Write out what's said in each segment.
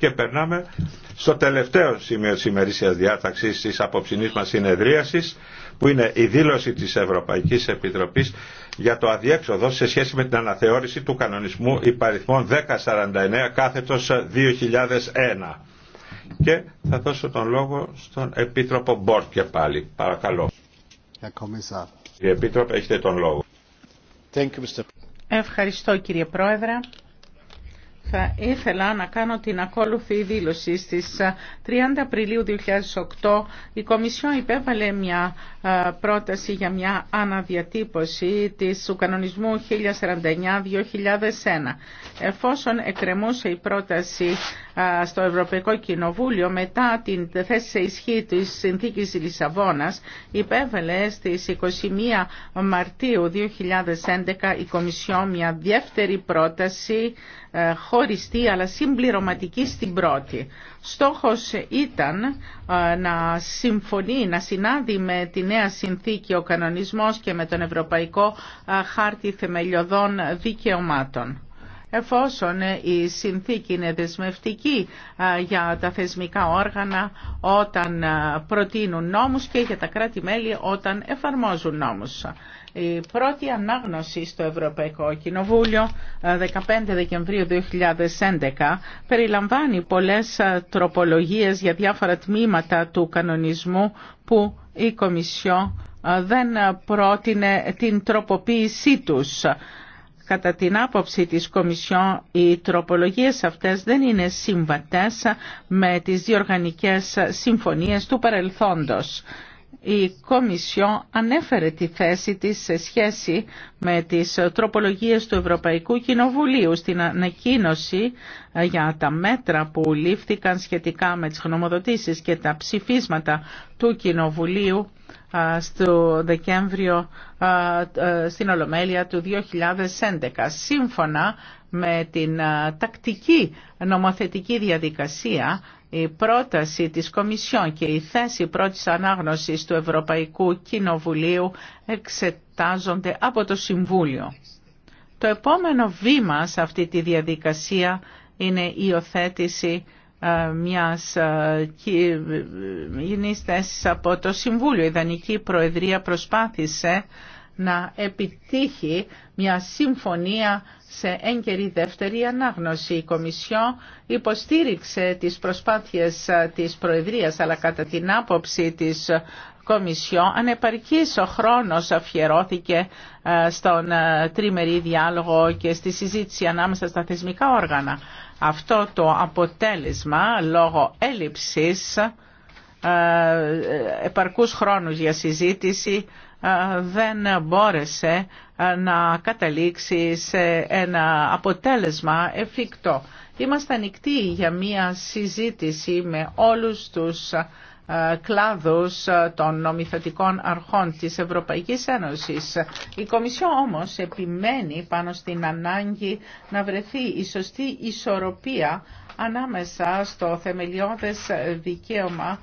Και περνάμε στο τελευταίο σημείο της ημερήσιας διάταξης της απόψινής μας συνεδρίασης που είναι η δήλωση της Ευρωπαϊκής Επιτροπής για το αδιέξοδο σε σχέση με την αναθεώρηση του κανονισμού υπαριθμών 1049 κάθετος 2001. Και θα δώσω τον λόγο στον Επίτροπο Μπορτ και πάλι. Παρακαλώ. Κύριε Επίτροπε, έχετε τον λόγο. Ευχαριστώ κύριε Πρόεδρε. Θα ήθελα να κάνω την ακόλουθη δήλωση. Στις 30 Απριλίου 2008 η Κομισιόν υπέβαλε μια πρόταση για μια αναδιατύπωση της του κανονισμού 1049-2001. Εφόσον εκκρεμούσε η πρόταση στο Ευρωπαϊκό Κοινοβούλιο μετά την θέση σε ισχύ της Συνθήκης Λισαβόνας υπέβαλε στις 21 Μαρτίου 2011 η Κομισιόν μια δεύτερη πρόταση ε, χωριστή αλλά συμπληρωματική στην πρώτη. Στόχος ήταν ε, να συμφωνεί, να συνάδει με τη νέα συνθήκη ο κανονισμός και με τον Ευρωπαϊκό ε, Χάρτη Θεμελιωδών Δικαιωμάτων. Εφόσον η συνθήκη είναι δεσμευτική για τα θεσμικά όργανα όταν προτείνουν νόμους και για τα κράτη-μέλη όταν εφαρμόζουν νόμους. Η πρώτη ανάγνωση στο Ευρωπαϊκό Κοινοβούλιο 15 ε, Δεκεμβρίου 2011 περιλαμβάνει πολλές ε, τροπολογίες για διάφορα τμήματα του κανονισμού που η Κομισιό ε, δεν πρότεινε την τροποποίησή τους. Κατά την άποψη της Κομισιόν, οι τροπολογίες αυτές δεν είναι συμβατές με τις διοργανικές συμφωνίες του παρελθόντος η Κομισιό ανέφερε τη θέση της σε σχέση με τις τροπολογίες του Ευρωπαϊκού Κοινοβουλίου στην ανακοίνωση ε, για τα μέτρα που λήφθηκαν σχετικά με τις γνωμοδοτήσεις και τα ψηφίσματα του Κοινοβουλίου ε, στο Δεκέμβριο ε, στην Ολομέλεια του 2011. Σύμφωνα με την τακτική νομοθετική διαδικασία η πρόταση της Κομισιόν και η θέση πρώτης ανάγνωσης του Ευρωπαϊκού Κοινοβουλίου εξετάζονται από το Συμβούλιο. Το επόμενο βήμα σε αυτή τη διαδικασία είναι η οθέτηση μιας κοινής θέσης από το Συμβούλιο. Η Δανική Προεδρία προσπάθησε να επιτύχει μια συμφωνία σε έγκαιρη δεύτερη ανάγνωση. Η Κομισιό υποστήριξε τις προσπάθειες της Προεδρίας, αλλά κατά την άποψη της Κομισιό ανεπαρκής ο χρόνος αφιερώθηκε ε, στον ε, τριμερή διάλογο και στη συζήτηση ανάμεσα στα θεσμικά όργανα. Αυτό το αποτέλεσμα λόγω έλλειψης ε, επαρκούς χρόνους για συζήτηση ε, δεν μπόρεσε ε, να καταλήξει σε ένα αποτέλεσμα εφικτό. Είμαστε ανοιχτοί για μια συζήτηση με όλους τους ε, κλάδους των νομιθετικών αρχών της Ευρωπαϊκής Ένωσης. Η Κομισιό όμως επιμένει πάνω στην ανάγκη να βρεθεί η σωστή ισορροπία ανάμεσα στο θεμελιώδες δικαίωμα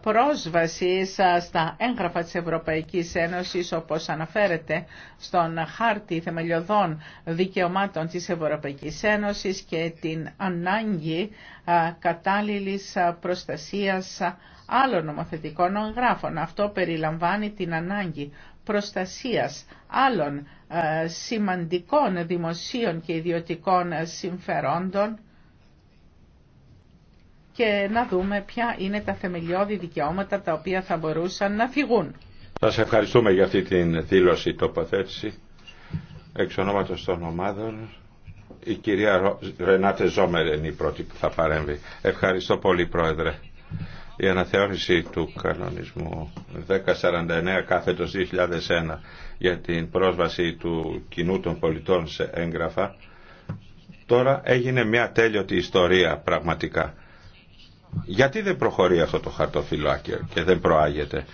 πρόσβασης στα έγγραφα της Ευρωπαϊκής Ένωσης, όπως αναφέρεται στον χάρτη θεμελιωδών δικαιωμάτων της Ευρωπαϊκής Ένωσης και την ανάγκη κατάλληλης προστασίας άλλων νομοθετικών εγγράφων. Αυτό περιλαμβάνει την ανάγκη προστασίας άλλων σημαντικών δημοσίων και ιδιωτικών συμφερόντων και να δούμε ποια είναι τα θεμελιώδη δικαιώματα τα οποία θα μπορούσαν να φυγούν. Σας ευχαριστούμε για αυτή την δήλωση τοποθέτηση εξ ονόματος των ομάδων. Η κυρία Ρενάτε Ζόμερ είναι η πρώτη που θα παρέμβει. Ευχαριστώ πολύ Πρόεδρε. Η αναθεώρηση του κανονισμού 1049 κάθετος 2001 για την πρόσβαση του κοινού των πολιτών σε έγγραφα τώρα έγινε μια τέλειωτη ιστορία πραγματικά γιατί δεν προχωρεί αυτό το χαρτοφυλάκιο και δεν προάγεται.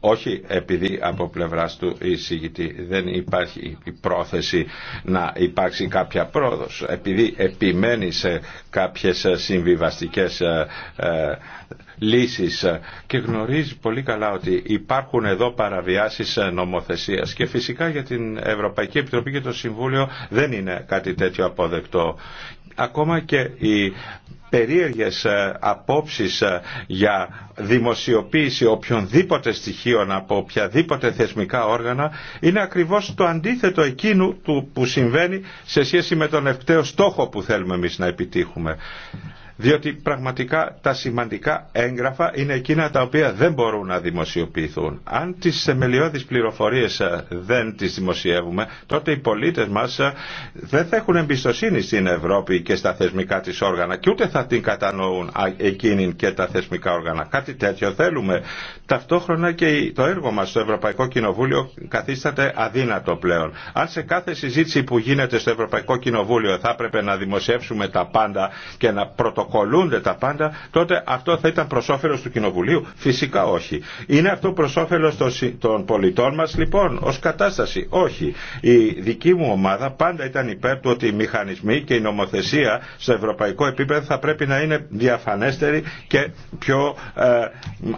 Όχι επειδή από πλευράς του εισηγητή δεν υπάρχει η πρόθεση να υπάρξει κάποια πρόοδος. Επειδή επιμένει σε κάποιες συμβιβαστικές ε, ε, λύσεις και γνωρίζει πολύ καλά ότι υπάρχουν εδώ παραβιάσεις νομοθεσίας και φυσικά για την Ευρωπαϊκή Επιτροπή και το Συμβούλιο δεν είναι κάτι τέτοιο αποδεκτό ακόμα και οι περίεργες ε, απόψεις ε, για δημοσιοποίηση οποιονδήποτε στοιχείων από οποιαδήποτε θεσμικά όργανα είναι ακριβώς το αντίθετο εκείνου του που συμβαίνει σε σχέση με τον ευκταίο στόχο που θέλουμε εμείς να επιτύχουμε διότι πραγματικά τα σημαντικά έγγραφα είναι εκείνα τα οποία δεν μπορούν να δημοσιοποιηθούν. Αν τις θεμελιώδεις πληροφορίες ε, δεν τις δημοσιεύουμε, τότε οι πολίτες μας ε, δεν θα έχουν εμπιστοσύνη στην Ευρώπη και στα θεσμικά της όργανα και ούτε θα την κατανοούν εκείνη και τα θεσμικά όργανα. Κάτι τέτοιο θέλουμε. Ταυτόχρονα και το έργο μας στο Ευρωπαϊκό Κοινοβούλιο καθίσταται αδύνατο πλέον. Αν σε κάθε συζήτηση που γίνεται στο Ευρωπαϊκό Κοινοβούλιο θα έπρεπε να δημοσιεύσουμε τα πάντα και να πρωτοκολούνται τα πάντα, τότε αυτό θα ήταν προ όφελο του Κοινοβουλίου. Φυσικά όχι. Είναι αυτό προ όφελο των πολιτών μα λοιπόν ω κατάσταση. Όχι. Η δική μου ομάδα πάντα ήταν υπέρ του ότι οι μηχανισμοί και η νομοθεσία στο ευρωπαϊκό επίπεδο θα πρέπει να είναι διαφανέστεροι και πιο ε,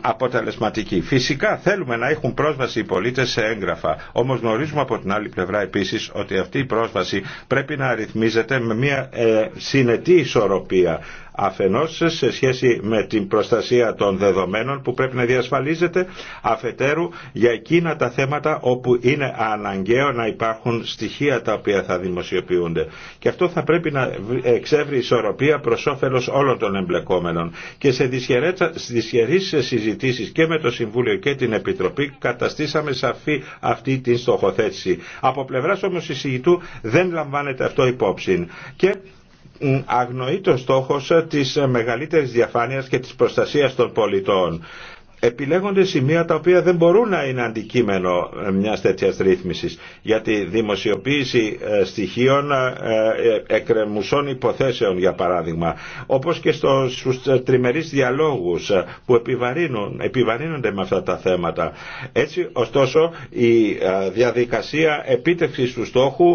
αποτελεσματικοί. Φυσικά θέλουμε να έχουν πρόσβαση οι πολίτε σε έγγραφα. Όμω γνωρίζουμε από την άλλη πλευρά επίση ότι αυτή η πρόσβαση πρέπει να αριθμίζεται με μια ε, συνετή ισορροπία Αφενός σε σχέση με την προστασία των δεδομένων που πρέπει να διασφαλίζεται, αφετέρου για εκείνα τα θέματα όπου είναι αναγκαίο να υπάρχουν στοιχεία τα οποία θα δημοσιοποιούνται. Και αυτό θα πρέπει να εξεύρει ισορροπία προς όφελος όλων των εμπλεκόμενων. Και σε δυσχερείς συζητήσεις και με το Συμβούλιο και την Επιτροπή καταστήσαμε σαφή αυτή την στοχοθέτηση. Από πλευράς όμως εισηγητού δεν λαμβάνεται αυτό υπόψη. Και αγνοεί το στόχος της μεγαλύτερης διαφάνειας και της προστασίας των πολιτών επιλέγονται σημεία τα οποία δεν μπορούν να είναι αντικείμενο ε, μιας τέτοιας ρύθμιση, γιατί τη δημοσιοποίηση ε, στοιχείων ε, εκκρεμουσών υποθέσεων για παράδειγμα όπως και στους τριμερεί διαλόγους που επιβαρύνουν, επιβαρύνονται με αυτά τα θέματα. Έτσι ωστόσο η διαδικασία επίτευξης του στόχου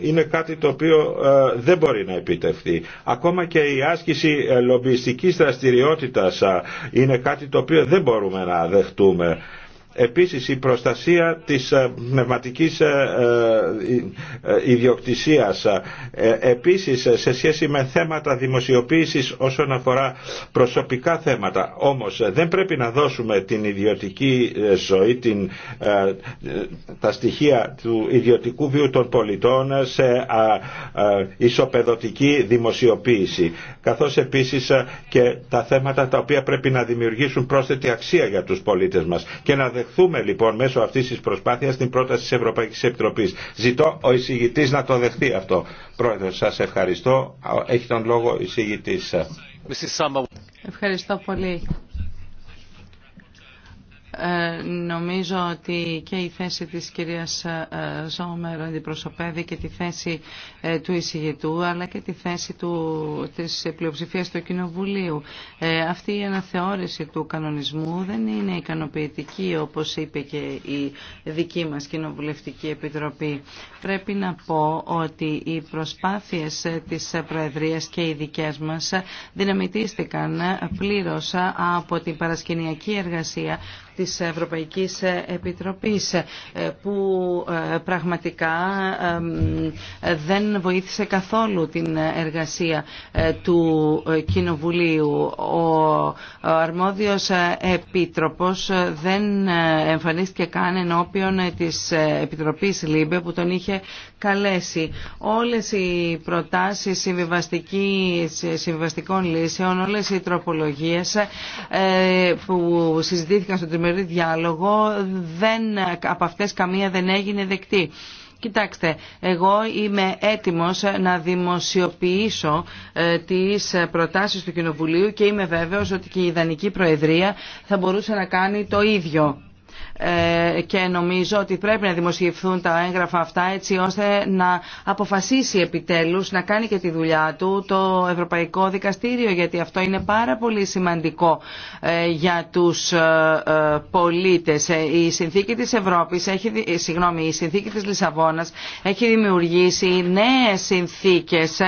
είναι κάτι το οποίο δεν μπορεί να επιτευχθεί. Ακόμα και η άσκηση λομπιστικής δραστηριότητας είναι κάτι το οποίο δεν δεν μπορούμε να δεχτούμε Επίσης η προστασία της ε, πνευματικής ε, ε, ιδιοκτησίας. Επίσης σε σχέση με θέματα δημοσιοποίησης όσον αφορά προσωπικά θέματα. Όμως δεν πρέπει να δώσουμε την ιδιωτική ζωή, την, τα στοιχεία του ιδιωτικού βίου των πολιτών σε ισοπεδωτική δημοσιοποίηση. Καθώς επίσης και τα θέματα τα οποία πρέπει να δημιουργήσουν πρόσθετη αξία για τους πολίτες μας και να δεχθούμε λοιπόν μέσω αυτή τη προσπάθεια την πρόταση τη Ευρωπαϊκή Επιτροπή. Ζητώ ο εισηγητή να το δεχτεί αυτό. Πρόεδρε, σα ευχαριστώ. Έχει τον λόγο εισηγητή. Ευχαριστώ πολύ. Ε, νομίζω ότι και η θέση της κυρίας Ζόμερ ε, αντιπροσωπεύει και τη θέση ε, του εισηγητού αλλά και τη θέση του, της πλειοψηφίας του Κοινοβουλίου. αυτή η αναθεώρηση του κανονισμού δεν είναι ικανοποιητική όπως είπε και η δική μας Κοινοβουλευτική Επιτροπή. Πρέπει να πω ότι οι προσπάθειες της Προεδρίας και οι δικές μας δυναμητίστηκαν πλήρως από την παρασκηνιακή εργασία της Ευρωπαϊκής Επιτροπής ε, που ε, πραγματικά δεν βοήθησε καθόλου την εργασία ε, του Κοινοβουλίου. Ο αρμόδιος Επίτροπος δεν εμφανίστηκε καν ενώπιον της Επιτροπής Λίμπε που τον είχε καλέσει. Όλες οι προτάσεις συμβιβαστικών λύσεων, όλες οι τροπολογίες ε, που συζητήθηκαν στον τριμερή διάλογο, δεν, από αυτές καμία δεν έγινε δεκτή. Κοιτάξτε, εγώ είμαι έτοιμος να δημοσιοποιήσω ε, τις προτάσεις του Κοινοβουλίου και είμαι βέβαιος ότι και η Ιδανική Προεδρία θα μπορούσε να κάνει το ίδιο. Ε, και νομίζω ότι πρέπει να δημοσιευθούν τα έγγραφα αυτά έτσι ώστε να αποφασίσει επιτέλους να κάνει και τη δουλειά του το Ευρωπαϊκό Δικαστήριο γιατί αυτό είναι πάρα πολύ σημαντικό ε, για τους ε, πολίτες. Η συνθήκη της Ευρώπης, έχει, συγγνώμη, η συνθήκη της Λισαβόνας έχει δημιουργήσει νέες συνθήκες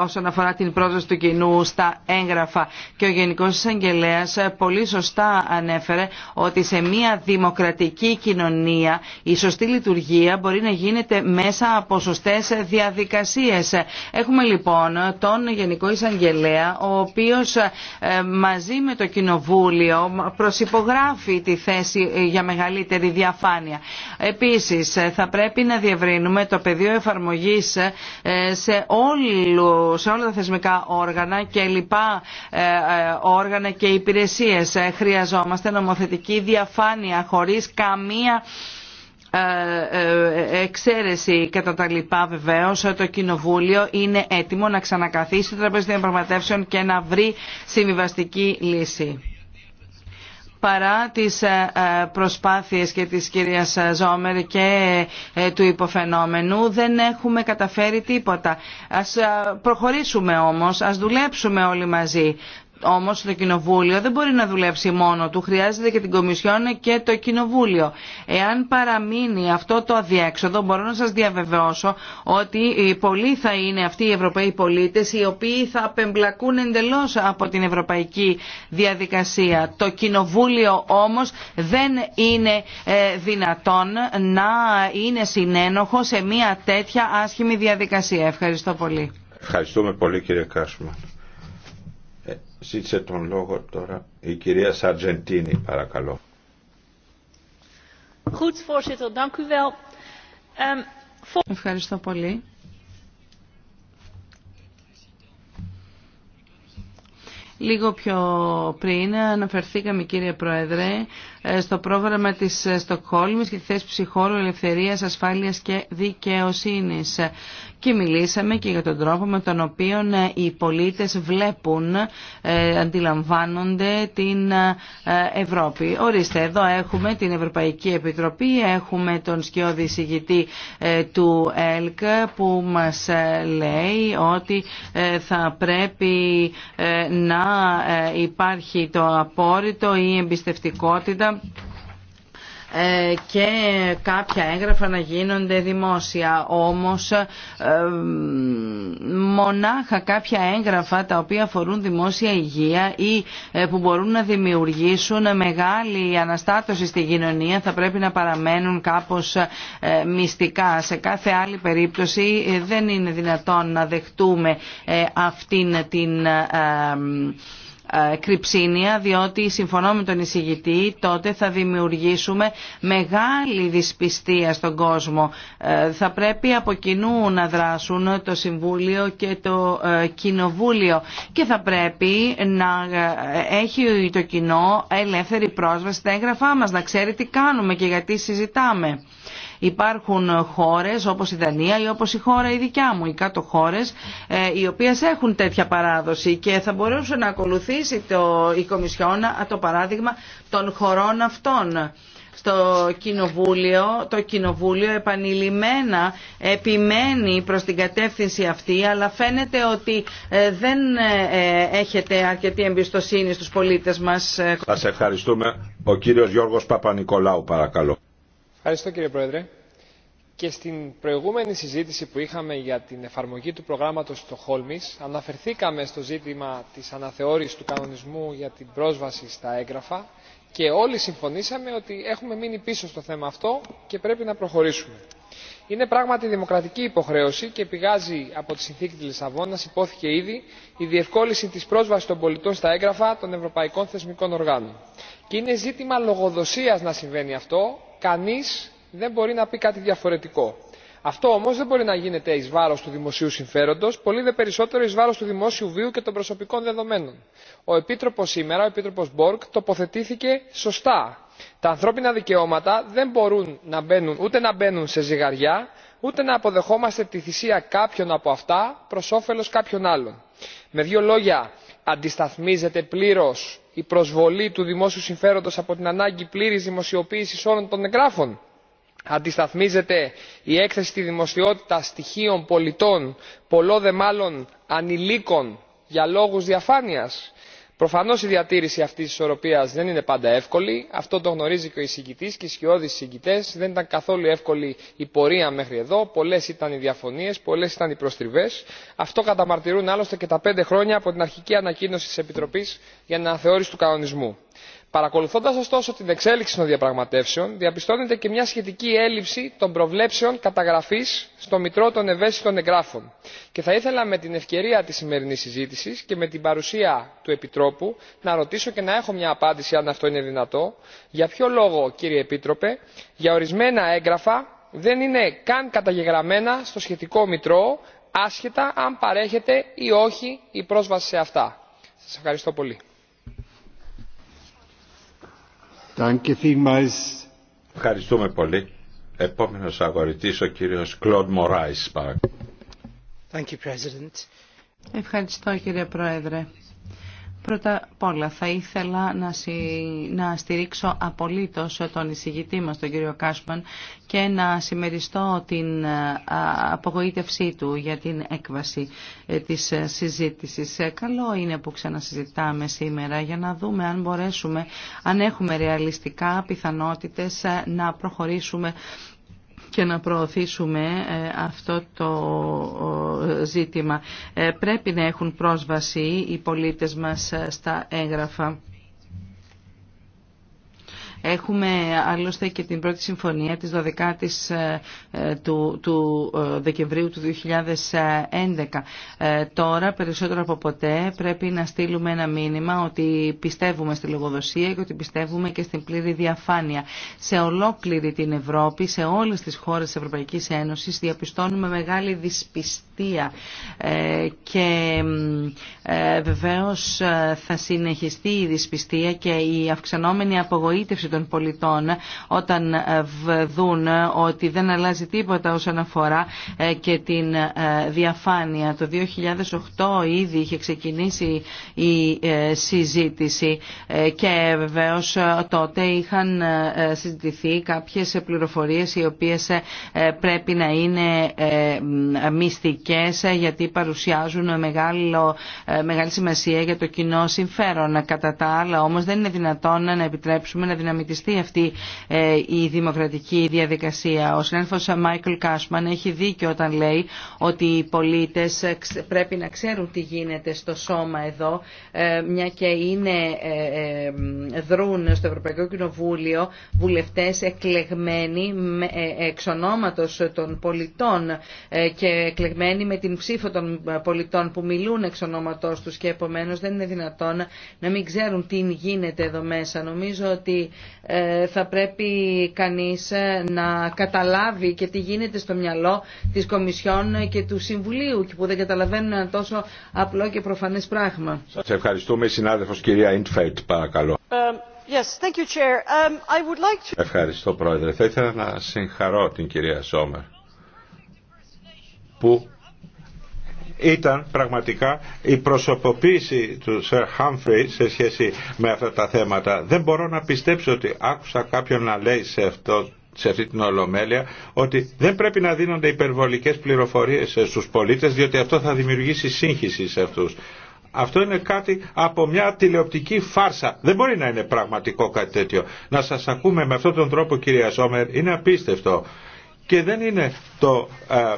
όσον αφορά την πρόταση του κοινού στα έγγραφα και ο Γενικός Εισαγγελέας πολύ σωστά ανέφερε ότι σε μία δημοκρατική κοινωνία η σωστή λειτουργία μπορεί να γίνεται μέσα από σωστές διαδικασίες. Έχουμε λοιπόν τον Γενικό Εισαγγελέα ο οποίος ε, μαζί με το Κοινοβούλιο προσυπογράφει τη θέση ε, για μεγαλύτερη διαφάνεια. Επίσης ε, θα πρέπει να διευρύνουμε το πεδίο εφαρμογής σε, σε όλα τα θεσμικά όργανα και λοιπά όργανα και υπηρεσίες. Χρειαζόμαστε νομοθετική διαφάνεια Χωρί χωρίς καμία ε, ε, εξαίρεση κατά τα λοιπά βεβαίως το Κοινοβούλιο είναι έτοιμο να ξανακαθίσει το τραπέζι διαπραγματεύσεων και να βρει συμβιβαστική λύση παρά τις ε, προσπάθειες και της κυρίας Ζόμερ και του υποφαινόμενου δεν έχουμε καταφέρει τίποτα. Ας προχωρήσουμε όμως, ας δουλέψουμε όλοι μαζί. Όμω, το Κοινοβούλιο δεν μπορεί να δουλέψει μόνο του, χρειάζεται και την Κομισιόν και το Κοινοβούλιο. Εάν παραμείνει αυτό το αδιέξοδο, μπορώ να σας διαβεβαιώσω ότι πολλοί θα είναι αυτοί οι Ευρωπαίοι πολίτε οι οποίοι θα απεμπλακούν εντελώ από την Ευρωπαϊκή διαδικασία. Το Κοινοβούλιο όμως δεν είναι ε, δυνατόν να είναι συνένοχο σε μια τέτοια άσχημη διαδικασία. Ευχαριστώ πολύ. Ευχαριστούμε πολύ κύριε Κάσμα. Ζήτησε τον λόγο τώρα η κυρία Σαρτζεντίνη, παρακαλώ. Ehm, Ευχαριστώ πολύ. Λίγο πιο πριν αναφερθήκαμε κύριε Πρόεδρε ε, στο πρόγραμμα της ε, Στοκχόλμης και τη θέση ψυχόλου ελευθερίας, ασφάλειας και δικαιοσύνης. Και μιλήσαμε και για τον τρόπο με τον οποίο ε, οι πολίτες βλέπουν, αντιλαμβάνονται την Ευρώπη. Ορίστε, εδώ έχουμε την Ευρωπαϊκή Επιτροπή, έχουμε τον σκιώδη συγητή του ΕΛΚ που μας λέει ότι θα πρέπει να υπάρχει το απόρριτο ή εμπιστευτικότητα ε, και κάποια έγγραφα να γίνονται δημόσια. Όμως ε, μονάχα κάποια έγγραφα τα οποία αφορούν δημόσια υγεία ή ε, που μπορούν να δημιουργήσουν μεγάλη αναστάτωση στη κοινωνία θα πρέπει να παραμένουν κάπως μυστικά. Σε κάθε άλλη περίπτωση δεν είναι δυνατόν να δεχτούμε αυτήν την ε, κρυψίνια διότι συμφωνώ με τον εισηγητή τότε θα δημιουργήσουμε μεγάλη δυσπιστία στον κόσμο. Ε, θα πρέπει από κοινού να δράσουν το Συμβούλιο και το ε, Κοινοβούλιο και θα πρέπει να έχει το κοινό ελεύθερη πρόσβαση στα έγγραφά μας, να ξέρει τι κάνουμε και γιατί συζητάμε. Υπάρχουν χώρες όπως η Δανία ή όπως η χώρα η δικιά μου, οι κάτω χώρες, ε, οι οποίες έχουν τέτοια παράδοση και θα μπορούσε να ακολουθήσει το, η Κομισιόνα το παράδειγμα των χωρών αυτών στο κοινοβούλιο, το κοινοβούλιο επανειλημμένα επιμένει προς την κατεύθυνση αυτή, αλλά φαίνεται ότι ε, δεν ε, έχετε αρκετή εμπιστοσύνη στους πολίτες μας. Σας ευχαριστούμε. Ο κύριος Γιώργος Παπα-Νικολάου παρακαλώ. Ευχαριστώ κύριε Πρόεδρε. Και στην προηγούμενη συζήτηση που είχαμε για την εφαρμογή του προγράμματος Στοχόλμης αναφερθήκαμε στο ζήτημα της αναθεώρησης του κανονισμού για την πρόσβαση στα έγγραφα και όλοι συμφωνήσαμε ότι έχουμε μείνει πίσω στο θέμα αυτό και πρέπει να προχωρήσουμε. Είναι πράγματι δημοκρατική υποχρέωση και πηγάζει από τη συνθήκη της Λισαβόνας, υπόθηκε ήδη, η διευκόλυνση της πρόσβασης των πολιτών στα έγγραφα των ευρωπαϊκών θεσμικών οργάνων. Και είναι ζήτημα λογοδοσίας να συμβαίνει αυτό, κανείς δεν μπορεί να πει κάτι διαφορετικό. αυτό όμως δεν μπορεί να γίνεται εις βάρος του δημοσίου συμφέροντος πολύ δε περισσότερο εις βάρος του δημόσιου βίου και των προσωπικών δεδομένων. ο επίτροπος σήμερα ο επίτροπος borg τοποθετήθηκε σωστά. τα ανθρώπινα δικαιώματα δεν μπορούν να μπαίνουν, ούτε να μπαίνουν σε ζυγαριά ούτε να αποδεχόμαστε τη θυσία κάποιων από αυτά προς όφελος κάποιων άλλων. με δύο λόγια αντισταθμίζεται πλήρως η προσβολή του δημόσιου συμφέροντος από την ανάγκη πλήρης δημοσιοποίησης όλων των εγγράφων. αντισταθμίζεται η έκθεση στη δημοσιότητα στοιχείων πολιτών πολλό δε μάλλον ανηλίκων για λόγους διαφάνειας προφανώς η διατήρηση αυτής της ισορροπίας δεν είναι πάντα εύκολη αυτό το γνωρίζει και ο εισηγητής και οι σκιώδεις εισηγητές δεν ήταν καθόλου εύκολη η πορεία μέχρι εδώ πολλές ήταν οι διαφωνίες πολλές ήταν οι προστριβές αυτό καταμαρτυρούν άλλωστε και τα πέντε χρόνια από την αρχική ανακοίνωση της επιτροπής για την αναθεώρηση του κανονισμού παρακολουθώντας ωστόσο την εξέλιξη των διαπραγματεύσεων διαπιστώνεται και μια σχετική έλλειψη των προβλέψεων καταγραφής στο μητρό των ευαίσθητων εγγράφων και θα ήθελα με την ευκαιρία της σημερινής συζήτησης και με την παρουσία του επιτρόπου να ρωτήσω και να έχω μια απάντηση αν αυτό είναι δυνατό για ποιο λόγο κύριε επίτροπε για ορισμένα έγγραφα δεν είναι καν καταγεγραμμένα στο σχετικό μητρό άσχετα αν παρέχεται ή όχι η πρόσβαση σε αυτά. σας ευχαριστώ πολύ. Ευχαριστούμε πολύ. επόμενο αγορητή ο κύριο Κλοντ Μωράη Thank you, President. Ευχαριστώ κύριε Πρόεδρε. Πρώτα απ' όλα θα ήθελα να, να στηρίξω απολύτως τον εισηγητή μας, τον κύριο Κάσπαν, και να συμμεριστώ την ε, απογοήτευσή του για την έκβαση ε, της ε, συζήτησης. Καλό είναι που ξανασυζητάμε σήμερα για να δούμε αν μπορέσουμε, αν έχουμε ρεαλιστικά πιθανότητες να προχωρήσουμε και να προωθήσουμε ε, αυτό το ζήτημα. Ε, πρέπει να έχουν πρόσβαση οι πολίτες μας ε, στα έγγραφα. Έχουμε άλλωστε και την πρώτη συμφωνία της 12ης ε, του, του ε, Δεκεμβρίου του 2011. Ε, τώρα περισσότερο από ποτέ πρέπει να στείλουμε ένα μήνυμα ότι πιστεύουμε στη λογοδοσία και ότι πιστεύουμε και στην πλήρη διαφάνεια. Σε ολόκληρη την Ευρώπη, σε όλες τις χώρες της Ευρωπαϊκής Ένωσης διαπιστώνουμε μεγάλη δυσπιστία και βεβαίως θα συνεχιστεί η δυσπιστία και η αυξανόμενη απογοήτευση των πολιτών όταν ε, δουν ότι δεν αλλάζει τίποτα όσον αφορά ε, και την ε, διαφάνεια. Το 2008 ήδη είχε ξεκινήσει η συζήτηση και βεβαίω τότε είχαν συζητηθεί κάποιες πληροφορίες οι οποίες πρέπει να είναι μυστικές γιατί παρουσιάζουν μεγάλο, μεγάλη σημασία για το κοινό συμφέρον. Κατά τα άλλα όμως δεν είναι δυνατόν να επιτρέψουμε να δυναμητιστεί αυτή ε, η δημοκρατική διαδικασία. Ο συνάδελφος Μάικλ Κάσμαν έχει δίκιο όταν λέει ότι οι πολίτες πρέπει να ξέρουν τι γίνεται στο σώμα εδώ, ε, μια και είναι, ε, δρούν στο Ευρωπαϊκό Κοινοβούλιο βουλευτές εκλεγμένοι εξ ονόματος των πολιτών και εκλεγμένοι με την ψήφο των πολιτών που μιλούν εξ τους και επομένως δεν είναι δυνατόν να μην ξέρουν τι γίνεται εδώ μέσα. Νομίζω ότι ε, θα πρέπει κανείς ε, να καταλάβει και τι γίνεται στο μυαλό της Κομισιόν και του Συμβουλίου και που δεν καταλαβαίνουν ένα τόσο απλό και προφανές πράγμα. Σας ευχαριστούμε συνάδελφος κυρία Ιντφέλτ παρακαλώ. Ε, yes, thank you, Chair. Um, I would like to... Ευχαριστώ Πρόεδρε. Θα ήθελα να συγχαρώ την κυρία Σόμερ που ήταν πραγματικά η προσωποποίηση του Σερ Χάμφρι σε σχέση με αυτά τα θέματα. Δεν μπορώ να πιστέψω ότι άκουσα κάποιον να λέει σε αυτό σε αυτή την ολομέλεια ότι δεν πρέπει να δίνονται υπερβολικές πληροφορίες στους πολίτες διότι αυτό θα δημιουργήσει σύγχυση σε αυτούς. Αυτό είναι κάτι από μια τηλεοπτική φάρσα. Δεν μπορεί να είναι πραγματικό κάτι τέτοιο. Να σας ακούμε με αυτόν τον τρόπο κυρία Σόμερ είναι απίστευτο. Και δεν είναι το ε,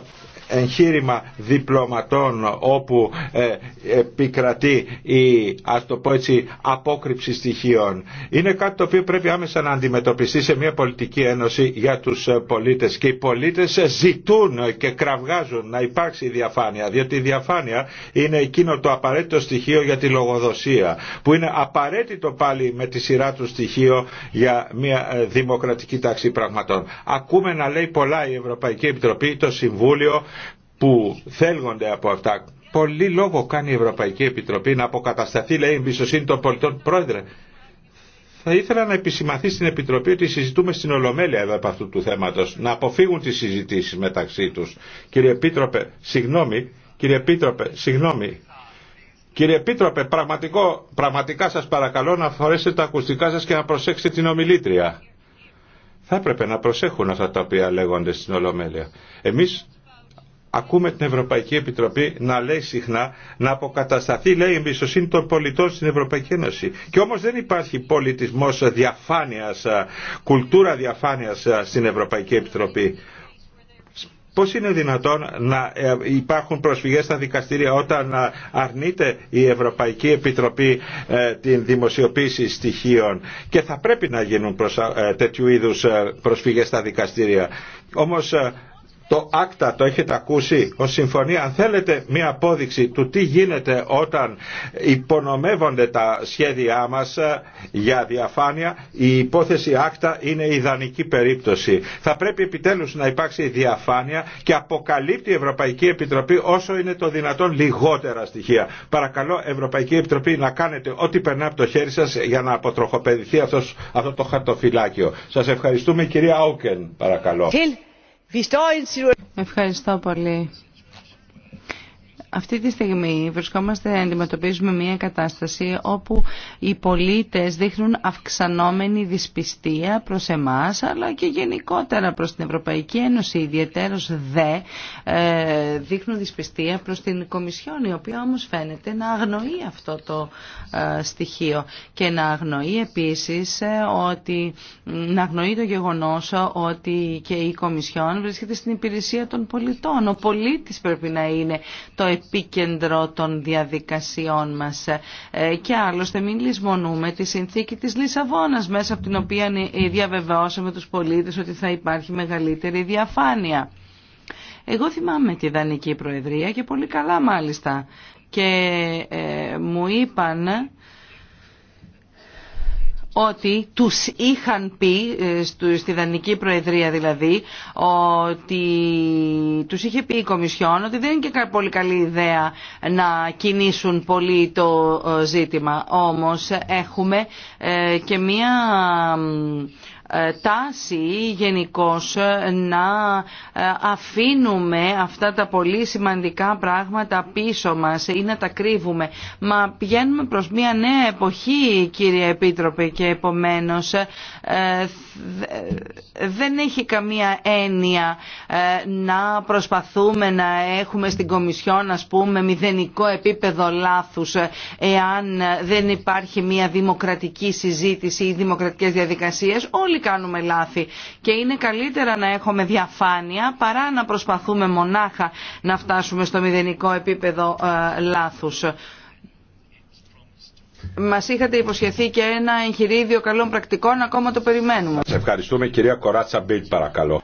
εγχείρημα διπλωματών όπου ε, επικρατεί η ας το πω έτσι απόκρυψη στοιχείων. Είναι κάτι το οποίο πρέπει άμεσα να αντιμετωπιστεί σε μια πολιτική ένωση για τους ε, πολίτες και οι πολίτες ζητούν και κραυγάζουν να υπάρξει διαφάνεια διότι η διαφάνεια είναι εκείνο το απαραίτητο στοιχείο για τη λογοδοσία που είναι απαραίτητο πάλι με τη σειρά του στοιχείο για μια ε, δημοκρατική τάξη πραγματών. Ακούμε να λέει πολλά η Ευρωπαϊκή Επιτροπή, το Συμβούλιο που θέλγονται από αυτά. Πολύ λόγο κάνει η Ευρωπαϊκή Επιτροπή να αποκατασταθεί, λέει, η εμπιστοσύνη των πολιτών. Πρόεδρε, θα ήθελα να επισημαθεί στην Επιτροπή ότι συζητούμε στην Ολομέλεια εδώ από αυτού του θέματο Να αποφύγουν τι συζητήσει μεταξύ του. Κύριε Επίτροπε, συγγνώμη, κύριε Επίτροπε, συγγνώμη. Κύριε Επίτροπε, πραγματικό, πραγματικά σας παρακαλώ να φορέσετε τα ακουστικά σας και να προσέξετε την ομιλήτρια. Θα έπρεπε να προσέχουν αυτά τα οποία λέγονται στην Ολομέλεια. Εμείς Ακούμε την Ευρωπαϊκή Επιτροπή να λέει συχνά να αποκατασταθεί λέει η εμπιστοσύνη των πολιτών στην Ευρωπαϊκή Ένωση. Και όμως δεν υπάρχει πολιτισμός διαφάνειας, κουλτούρα διαφάνειας στην Ευρωπαϊκή Επιτροπή. Πώς είναι δυνατόν να ε, υπάρχουν προσφυγές στα δικαστήρια όταν αρνείται η Ευρωπαϊκή Επιτροπή ε, την δημοσιοποίηση στοιχείων και θα πρέπει να γίνουν ε, τέτοιου είδους προσφυγές στα δικαστήρια. Όμως το άκτα το έχετε ακούσει ως συμφωνία. Αν θέλετε μια απόδειξη του τι γίνεται όταν υπονομεύονται τα σχέδιά μας ε, για διαφάνεια, η υπόθεση άκτα είναι ιδανική περίπτωση. Θα πρέπει επιτέλους να υπάρξει διαφάνεια και αποκαλύπτει η Ευρωπαϊκή Επιτροπή όσο είναι το δυνατόν λιγότερα στοιχεία. Παρακαλώ Ευρωπαϊκή Επιτροπή να κάνετε ό,τι περνά από το χέρι σας για να αποτροχοπεδηθεί αυτό το χαρτοφυλάκιο. Σας ευχαριστούμε κυρία Όκεν παρακαλώ. Ευχαριστώ πολύ. Αυτή τη στιγμή βρισκόμαστε, αντιμετωπίζουμε μια κατάσταση όπου οι πολίτες δείχνουν αυξανόμενη δυσπιστία προς εμάς αλλά και γενικότερα προς την Ευρωπαϊκή Ένωση, ιδιαίτερως δε ε, δείχνουν δυσπιστία προς την Κομισιόν η οποία όμως φαίνεται να αγνοεί αυτό το ε, στοιχείο και να αγνοεί επίσης ε, ότι να αγνοεί το γεγονός ότι και η Κομισιόν βρίσκεται στην υπηρεσία των πολιτών. Ο πολίτης πρέπει να είναι το επίκεντρο των διαδικασιών μας. Ε, και άλλωστε μην λησμονούμε τη συνθήκη της Λισαβόνας μέσα από την οποία ε, διαβεβαιώσαμε τους πολίτες ότι θα υπάρχει μεγαλύτερη διαφάνεια. Εγώ θυμάμαι τη Δανική Προεδρία και πολύ καλά μάλιστα και ε, μου είπαν ότι τους είχαν πει, ε, στη Δανική Προεδρία δηλαδή, ότι τους είχε πει η Κομισιόν ότι δεν είναι και πολύ καλή ιδέα να κινήσουν πολύ το ε, ζήτημα. Όμως έχουμε ε, και μία ε, τάση γενικώ ε, να ε, αφήνουμε αυτά τα πολύ σημαντικά πράγματα πίσω μας ή να τα κρύβουμε. Μα πηγαίνουμε προς μια νέα εποχή κύριε Επίτροπε και επομένως δεν έχει καμία έννοια ε, να προσπαθούμε να έχουμε στην Κομισιόν ας πούμε μηδενικό επίπεδο λάθους ε, εάν ε, δεν υπάρχει μια δημοκρατική συζήτηση ή δημοκρατικές διαδικασίες όλοι κάνουμε λάθη και είναι καλύτερα να έχουμε διαφάνεια παρά να προσπαθούμε μονάχα να φτάσουμε στο μηδενικό επίπεδο λάθους. Μας είχατε υποσχεθεί και ένα εγχειρίδιο καλών πρακτικών, ακόμα το περιμένουμε. Σα ευχαριστούμε κυρία Κοράτσα Μπιλ, παρακαλώ.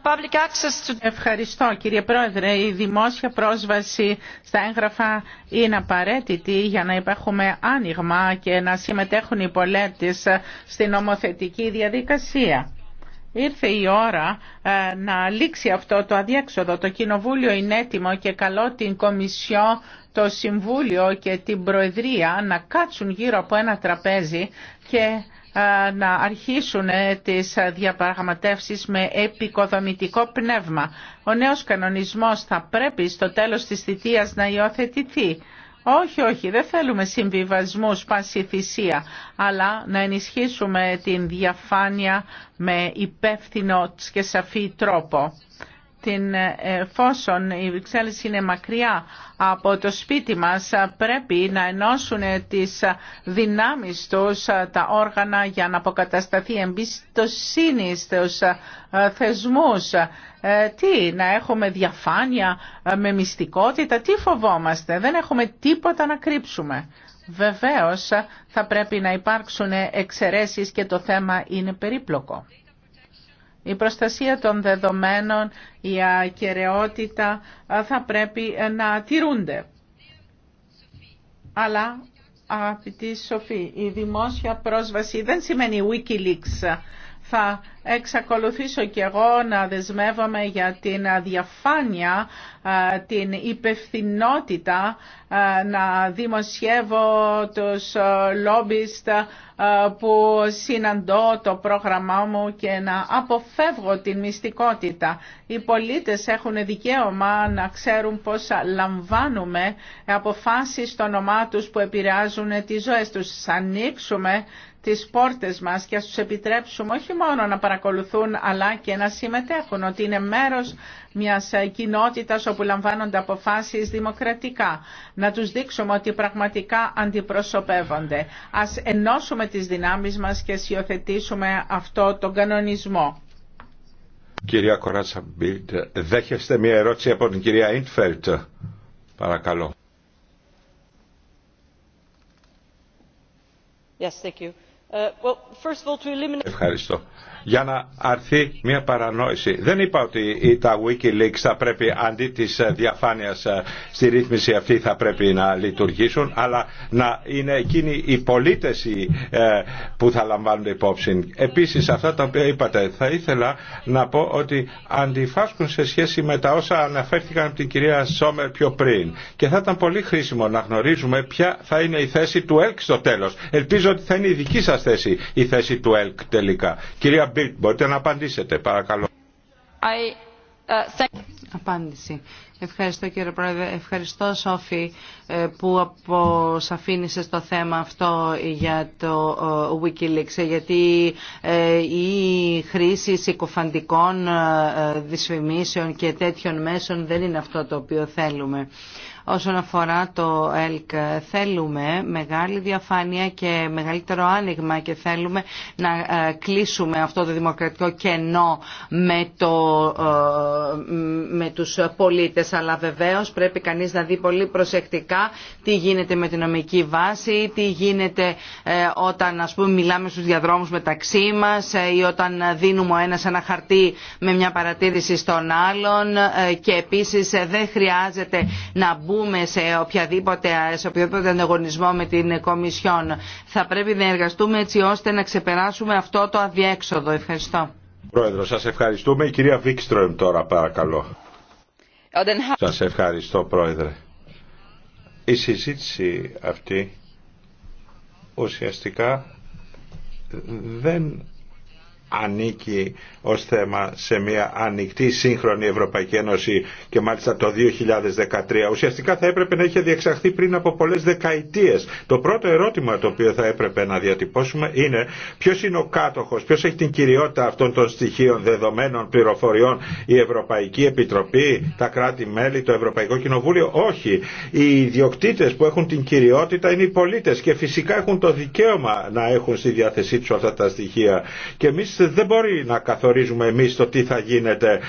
Ευχαριστώ κύριε Πρόεδρε. Η δημόσια πρόσβαση στα έγγραφα είναι απαραίτητη για να υπάρχουμε άνοιγμα και να συμμετέχουν οι πολέτες στην νομοθετική διαδικασία. Ήρθε η ώρα ε, να λήξει αυτό το αδιέξοδο. Το Κοινοβούλιο είναι έτοιμο και καλό την Κομισιό το Συμβούλιο και την Προεδρία να κάτσουν γύρω από ένα τραπέζι και να αρχίσουν ε, τις διαπραγματεύσεις με επικοδομητικό πνεύμα. Ο νέος κανονισμός θα πρέπει στο τέλος της θητείας να υιοθετηθεί. Όχι, όχι, δεν θέλουμε συμβιβασμούς πάση θυσία, αλλά να ενισχύσουμε την διαφάνεια με υπεύθυνο και σαφή τρόπο την, ε, εφόσον η Βρυξέλλες είναι μακριά από το σπίτι μας, πρέπει να ενώσουν τις δυνάμεις τους, ε, τα όργανα για να αποκατασταθεί εμπιστοσύνη στους ε, θεσμούς. Τι, να έχουμε διαφάνεια με μυστικότητα, τι φοβόμαστε, δεν έχουμε τίποτα να κρύψουμε. Βεβαίως θα πρέπει να υπάρξουν εξαιρέσεις και το θέμα είναι περίπλοκο. Η προστασία των δεδομένων, η ακαιρεότητα ε, θα πρέπει ε, να τηρούνται. Αλλά, αγαπητή Σοφή, η δημόσια πρόσβαση δεν σημαίνει Wikileaks θα εξακολουθήσω και εγώ να δεσμεύομαι για την διαφάνεια, την υπευθυνότητα, να δημοσιεύω τους λόμπιστ που συναντώ το πρόγραμμά μου και να αποφεύγω την μυστικότητα. Οι πολίτες έχουν δικαίωμα να ξέρουν πώς λαμβάνουμε αποφάσεις στο όνομά τους που επηρεάζουν τις ζωές τους. Ανοίξουμε τις πόρτες μας και ας τους επιτρέψουμε όχι μόνο να παρακολουθούν αλλά και να συμμετέχουν, ότι είναι μέρος μιας κοινότητας όπου λαμβάνονται αποφάσεις δημοκρατικά. Να τους δείξουμε ότι πραγματικά αντιπροσωπεύονται. Ας ενώσουμε τις δυνάμεις μας και σιωθετήσουμε αυτό τον κανονισμό. Κυρία Κοράτσα Μπίλτ, δέχεστε μια ερώτηση από την κυρία Ιντφελτ. Παρακαλώ. Yes, thank you. Ε, Ευχαριστώ για να αρθεί μια παρανόηση. Δεν είπα ότι τα Wikileaks θα πρέπει αντί της ε, διαφάνειας ε, στη ρύθμιση αυτή θα πρέπει να λειτουργήσουν, αλλά να είναι εκείνοι οι πολίτες ε, που θα λαμβάνουν υπόψη. Επίσης αυτά τα οποία είπατε θα ήθελα να πω ότι αντιφάσκουν σε σχέση με τα όσα αναφέρθηκαν από την κυρία Σόμερ πιο πριν. Και θα ήταν πολύ χρήσιμο να γνωρίζουμε ποια θα είναι η θέση του ΕΛΚ στο τέλος. Ελπίζω ότι θα είναι η δική σας θέση η θέση του ΕΛΚ τελικά. Κυρία μπορείτε να απαντήσετε, παρακαλώ. I, uh, Απάντηση. Ευχαριστώ κύριε Πρόεδρε. Ευχαριστώ Σόφη ε, που αποσαφήνισε το θέμα αυτό για το ε, Wikileaks γιατί ε, η χρήση συκοφαντικών δυσφημίσεων και τέτοιων μέσων δεν είναι αυτό το οποίο θέλουμε. Όσον αφορά το ΕΛΚ, θέλουμε μεγάλη διαφάνεια και μεγαλύτερο άνοιγμα και θέλουμε να ε, κλείσουμε αυτό το δημοκρατικό κενό με, το, ε, με τους πολίτες. Αλλά βεβαίως πρέπει κανείς να δει πολύ προσεκτικά τι γίνεται με την νομική βάση, τι γίνεται ε, όταν ας πούμε μιλάμε στους διαδρόμους μεταξύ μας ή όταν δίνουμε ο ένας ένα χαρτί με μια παρατήρηση στον άλλον και επίσης δεν χρειάζεται να μπούμε σε οποιαδήποτε, σε οποιοδήποτε ανταγωνισμό με την Κομισιόν. Θα πρέπει να εργαστούμε έτσι ώστε να ξεπεράσουμε αυτό το αδιέξοδο. Ευχαριστώ. Πρόεδρο, σας ευχαριστούμε. Η κυρία Βίκστρομ τώρα παρακαλώ. Σας ευχαριστώ πρόεδρε. Η συζήτηση αυτή ουσιαστικά δεν ανήκει ως θέμα σε μια ανοιχτή σύγχρονη Ευρωπαϊκή Ένωση και μάλιστα το 2013. Ουσιαστικά θα έπρεπε να είχε διεξαχθεί πριν από πολλές δεκαετίες. Το πρώτο ερώτημα το οποίο θα έπρεπε να διατυπώσουμε είναι ποιος είναι ο κάτοχος, ποιος έχει την κυριότητα αυτών των στοιχείων δεδομένων πληροφοριών, η Ευρωπαϊκή Επιτροπή, τα κράτη-μέλη, το Ευρωπαϊκό Κοινοβούλιο. Όχι. Οι ιδιοκτήτες που έχουν την κυριότητα είναι οι πολίτες και φυσικά έχουν το δικαίωμα να έχουν στη διάθεσή αυτά τα στοιχεία. Και δεν μπορεί να καθορίζουμε εμείς το τι θα γίνεται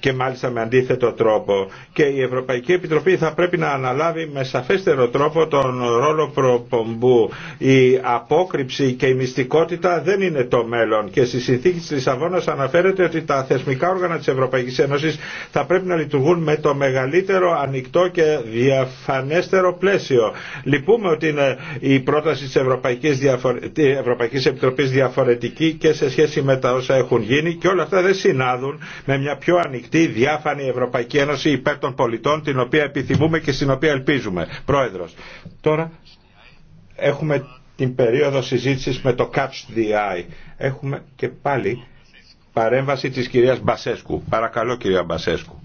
και μάλιστα με αντίθετο τρόπο. Και η Ευρωπαϊκή Επιτροπή θα πρέπει να αναλάβει με σαφέστερο τρόπο τον ρόλο προπομπού. Η απόκρυψη και η μυστικότητα δεν είναι το μέλλον και στη συνθήκη της Λισαβόνας αναφέρεται ότι τα θεσμικά όργανα της Ευρωπαϊκής Ένωσης θα πρέπει να λειτουργούν με το μεγαλύτερο ανοιχτό και διαφανέστερο πλαίσιο. Λυπούμε ότι είναι η πρόταση της Ευρωπαϊκής, Ευρωπαϊκής Επιτροπής διαφορετική και σε σχέση με τα όσα έχουν γίνει και όλα αυτά δεν συνάδουν με μια πιο ανοιχτή, διάφανη Ευρωπαϊκή Ένωση υπέρ των πολιτών την οποία επιθυμούμε και στην οποία ελπίζουμε. Πρόεδρος, τώρα έχουμε την περίοδο συζήτησης με το Catch the Eye. Έχουμε και πάλι παρέμβαση της κυρίας Μπασέσκου. Παρακαλώ κυρία Μπασέσκου.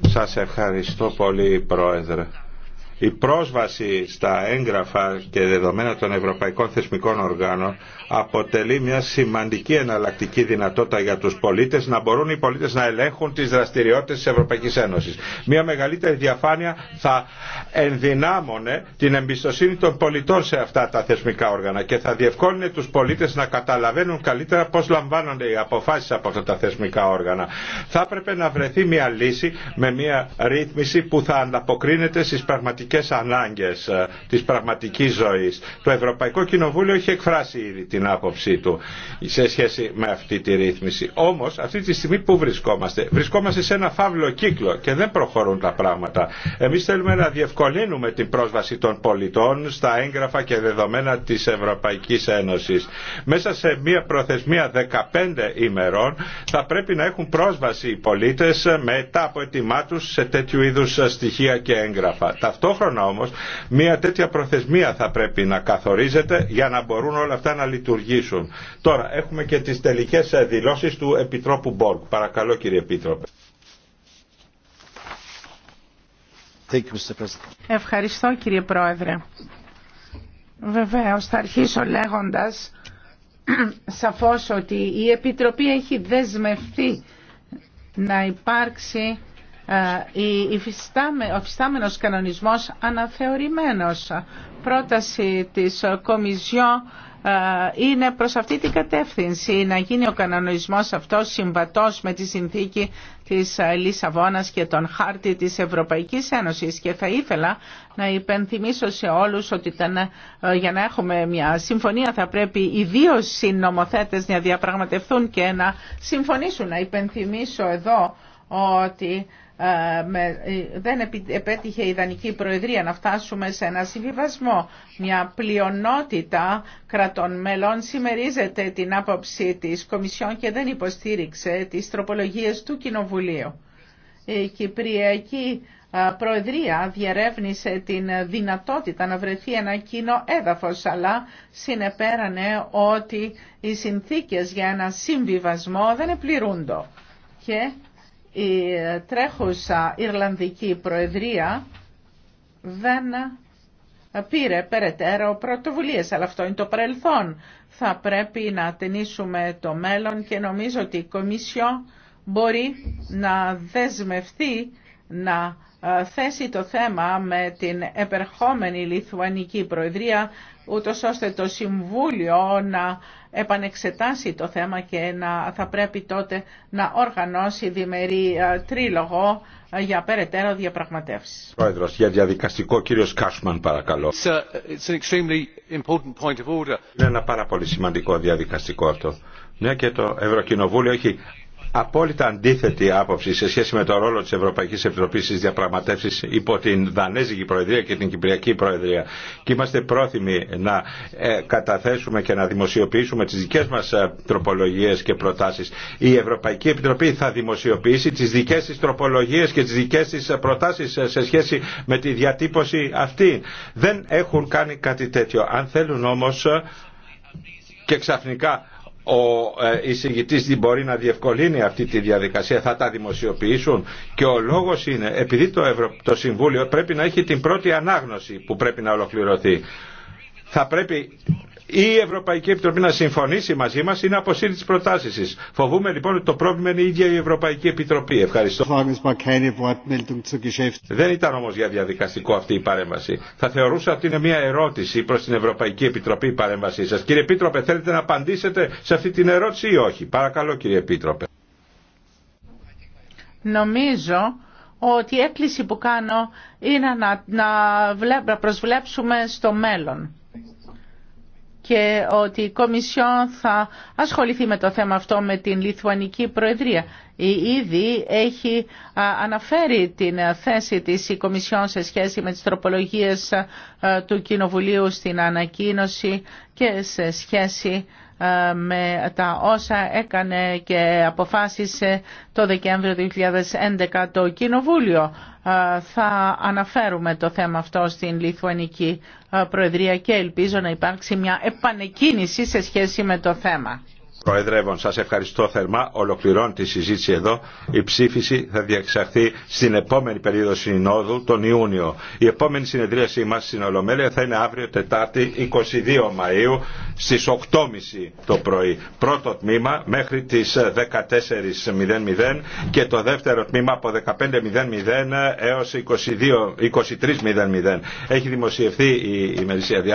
Σας ευχαριστώ πολύ Πρόεδρε. Η πρόσβαση στα έγγραφα και δεδομένα των ευρωπαϊκών θεσμικών οργάνων αποτελεί μια σημαντική εναλλακτική δυνατότητα για τους πολίτες να μπορούν οι πολίτες να ελέγχουν τις δραστηριότητες της Ευρωπαϊκής Ένωσης. Μια μεγαλύτερη διαφάνεια θα ενδυνάμωνε την εμπιστοσύνη των πολιτών σε αυτά τα θεσμικά όργανα και θα διευκόλυνε τους πολίτες να καταλαβαίνουν καλύτερα πώς λαμβάνονται οι αποφάσεις από αυτά τα θεσμικά όργανα. Θα έπρεπε να βρεθεί μια λύση με μια ρύθμιση που θα ανταποκρίνεται στις πραγματικές πραγματικές ανάγκες ε, της πραγματικής ζωής. Το Ευρωπαϊκό Κοινοβούλιο έχει εκφράσει ήδη την άποψή του σε σχέση με αυτή τη ρύθμιση. Όμως αυτή τη στιγμή που βρισκόμαστε. Βρισκόμαστε σε ένα φαύλο κύκλο και δεν προχωρούν τα πράγματα. Εμείς θέλουμε να διευκολύνουμε την πρόσβαση των πολιτών στα έγγραφα και δεδομένα της Ευρωπαϊκής Ένωσης. Μέσα σε μια προθεσμία 15 ημερών θα πρέπει να έχουν πρόσβαση οι πολίτες μετά από ετοιμά σε τέτοιου είδου στοιχεία και έγγραφα. Ταυτόχρονα ταυτόχρονα όμως μια τέτοια προθεσμία θα πρέπει να καθορίζεται για να μπορούν όλα αυτά να λειτουργήσουν. Τώρα έχουμε και τις τελικές ε, δηλώσεις του Επιτρόπου Μπόργκ. Παρακαλώ κύριε Επίτροπε. Ευχαριστώ κύριε Πρόεδρε. Βεβαίως θα αρχίσω λέγοντας σαφώς ότι η Επιτροπή έχει δεσμευτεί να υπάρξει ε, ο φυστάμενος κανονισμός αναθεωρημένος. Πρόταση της Κομιζιό ε, είναι προς αυτή την κατεύθυνση να γίνει ο κανονισμός αυτός συμβατός με τη συνθήκη της Λισαβόνας και τον χάρτη της Ευρωπαϊκής Ένωσης και θα ήθελα να υπενθυμίσω σε όλους ότι ε, για να έχουμε μια συμφωνία θα πρέπει οι δύο συνομοθέτες να διαπραγματευτούν και να συμφωνήσουν. Να υπενθυμίσω εδώ ότι ε, ε, δεν επέτυχε η ιδανική προεδρία να φτάσουμε σε ένα συμβιβασμό. Μια πλειονότητα κρατών μελών συμμερίζεται την άποψη της Κομισιόν και δεν υποστήριξε τις τροπολογίες του Κοινοβουλίου. Η Κυπριακή ε, Προεδρία διερεύνησε την δυνατότητα να βρεθεί ένα κοινό έδαφος, αλλά συνεπέρανε ότι οι συνθήκες για ένα συμβιβασμό δεν επληρούνται. Και η τρέχουσα Ιρλανδική Προεδρία δεν πήρε περαιτέρω πρωτοβουλίες, αλλά αυτό είναι το παρελθόν. Θα πρέπει να ταινίσουμε το μέλλον και νομίζω ότι η Κομίσιο μπορεί να δεσμευτεί να ε, θέσει το θέμα με την επερχόμενη Λιθουανική Προεδρία, ούτως ώστε το Συμβούλιο να επανεξετάσει το θέμα και να, θα πρέπει τότε να οργανώσει διμερή ε, τρίλογο ε, για περαιτέρω διαπραγματεύσεις. Πρόεδρος, για διαδικαστικό, κύριος Κάσμαν παρακαλώ. Είναι ένα πάρα πολύ σημαντικό διαδικαστικό αυτό. Μια ναι, και το Ευρωκοινοβούλιο έχει απόλυτα αντίθετη άποψη σε σχέση με το ρόλο της Ευρωπαϊκής Επιτροπής στις διαπραγματεύσεις υπό την Δανέζικη Προεδρία και την Κυπριακή Προεδρία και είμαστε πρόθυμοι να ε, καταθέσουμε και να δημοσιοποιήσουμε τις δικές μας ε, τροπολογίες και προτάσεις. Η Ευρωπαϊκή Επιτροπή θα δημοσιοποιήσει τις δικές της τροπολογίες και τις δικές της ε, προτάσεις σε σχέση με τη διατύπωση αυτή. Δεν έχουν κάνει κάτι τέτοιο. Αν θέλουν όμως και ξαφνικά ο ε, εισηγητής δεν μπορεί να διευκολύνει αυτή τη διαδικασία, θα τα δημοσιοποιήσουν και ο λόγος είναι επειδή το, το Συμβούλιο πρέπει να έχει την πρώτη ανάγνωση που πρέπει να ολοκληρωθεί θα πρέπει η Ευρωπαϊκή Επιτροπή να συμφωνήσει μαζί λοιπόν, μα η να αποσυρει Επιτροπή. προτάσει. Δεν φοβουμε λοιπον οτι το προβλημα ειναι η Ευρωπαϊκή Επιτροπή. Ευχαριστώ. Δεν ήταν όμως για διαδικαστικό αυτή η ευρωπαικη επιτροπη ευχαριστω δεν ηταν όμω για διαδικαστικο αυτη η παρεμβαση Θα θεωρούσα ότι είναι μια ερώτηση προ την Ευρωπαϊκή Επιτροπή η παρέμβασή σα. Κύριε Επίτροπε θέλετε να απαντήσετε σε αυτή την ερώτηση ή όχι. Παρακαλώ κύριε Επίτροπε. Νομίζω ότι η έκκληση που κάνω είναι να, να προσβλέψουμε στο μέλλον και ότι η Κομισιόν θα ασχοληθεί με το θέμα αυτό με την Λιθουανική Προεδρία. Η ήδη έχει αναφέρει την θέση της η Κομισιόν σε σχέση με τις τροπολογίες του Κοινοβουλίου στην ανακοίνωση και σε σχέση ε, με τα όσα έκανε και αποφάσισε το Δεκέμβριο 2011 το Κοινοβούλιο. Ε, θα αναφέρουμε το θέμα αυτό στην Λιθουανική ε, Προεδρία και ελπίζω να υπάρξει μια επανεκκίνηση σε σχέση με το θέμα. Προεδρεύων, σας ευχαριστώ θερμά. Ολοκληρώνω τη συζήτηση εδώ. Η ψήφιση θα διεξαχθεί στην επόμενη περίοδο συνόδου τον Ιούνιο. Η επόμενη συνεδρίασή μας στην Ολομέλεια θα είναι αύριο Τετάρτη 22 Μαΐου στις 8.30 το πρωί. Πρώτο τμήμα μέχρι τις 14.00 και το δεύτερο τμήμα από 15.00 έως 22, 23.00. Έχει δημοσιευθεί η ημερησία διάταξη.